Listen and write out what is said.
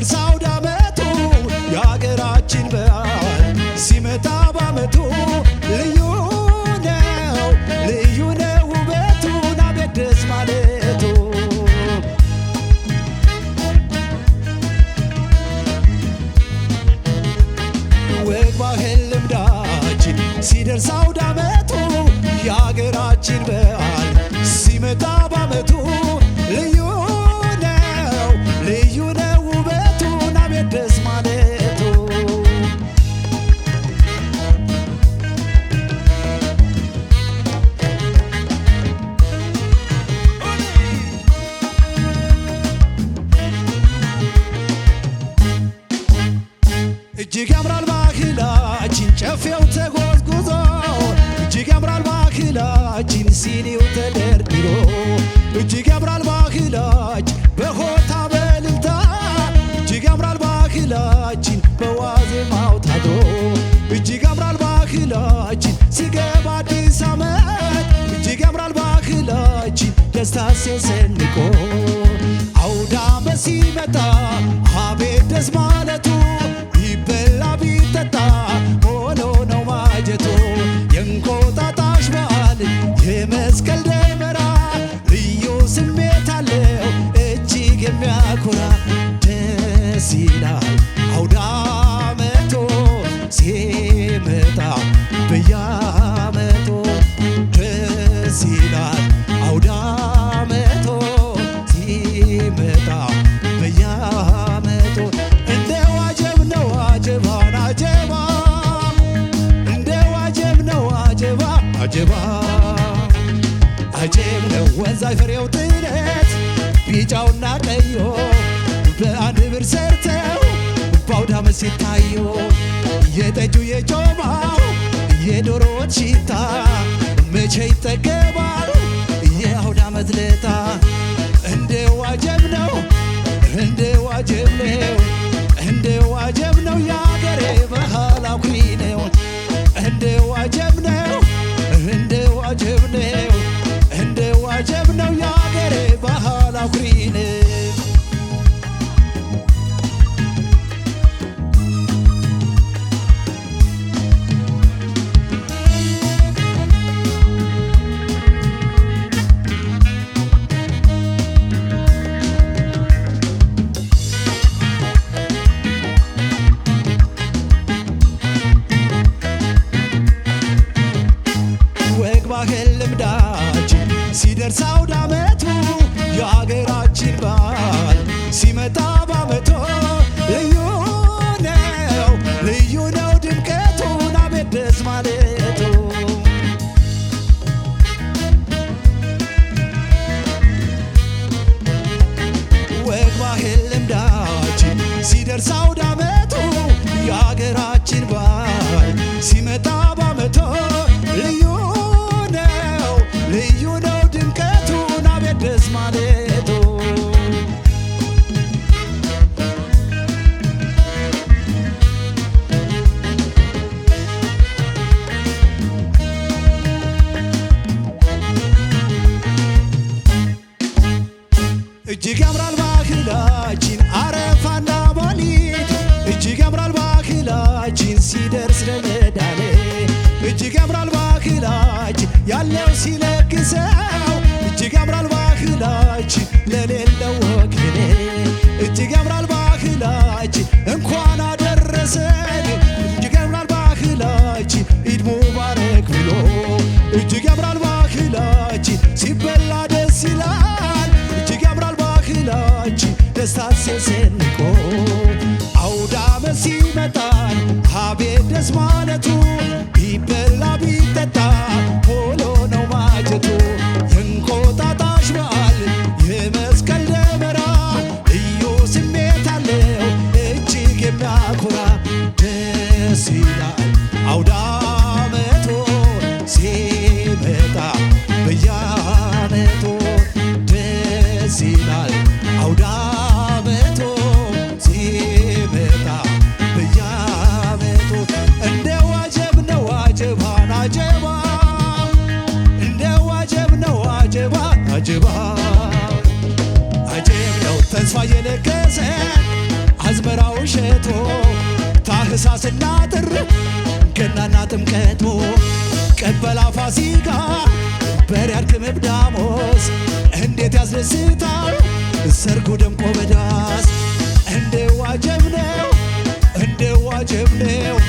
there's out ባህላችን ሲኒው ተደርድሮ እጅግ ያምራል ባህላችን በሆታ በልልታ እጅግ ያምራል ባህላችን በዋዜማው ታድሮ እጅግ ያምራል ባህላችን ሲገባ አዲስ ዓመት እጅግ ያምራል ባህላችን ደስታ ሲያሰንቆ ሲኮራ ደስ ይላል አውደ ዓመቱ ሲመጣ በየዓመቱ ደስ ይላል አውደ ሲመጣ በየዓመቱ እንደ ዋጀብ ነው አጀባን አጀባ እንደ ዋጀብ ነው አጀባ አጀባ አጀብ ነው ጥረት ቢጫውና ቀዮ በአንድ ብር ሰርተው በአውዳመ ሲታዩ የጠጁ የጮማው የዶሮ ወጥ ሽታ መቼ ይጠገባል የአውዳመት ለታ እንደ ዋጀብ ነው እንደ ዋጀብ ነው ሲደርስ አውደ ዓመቱ የሀገራችን በዓል ሲመጣ ባመቶ ልዩ ነው ልዩ ነው ድንቀቱ አቤት ደስ ማለቱ እጅግ ያምራል እጅግ ያምራል ባህላች ያለው ሲለግሰው እጅግ ያምራል ባህላች ለሌለው ወገኔ እጅግ ያምራል ባህላች እንኳን አደረሰን እጅግ ያምራል ባህላች ኢድ ሙባረክ ብሎ እጅግ ያምራል ባህላች ሲበላ ደስ ይላል እጅግ ያምራል ባህላች ደስታ ሲያስንቆ አውዳመት ሲመጣል አቤት ደስ አጀባ አጀብ ነው ተስፋ የለገሰ አዝመራው ሸቶ ታህሳስና ጥር ገናና ጥምቀቶ ቀበላ ፋሲካ በሪያድ ክምብ ዳሞስ እንዴት ያስደስታል ሰርጉ ደምቆ በዳስ እንደ ነው እንደ ዋጀብ ነው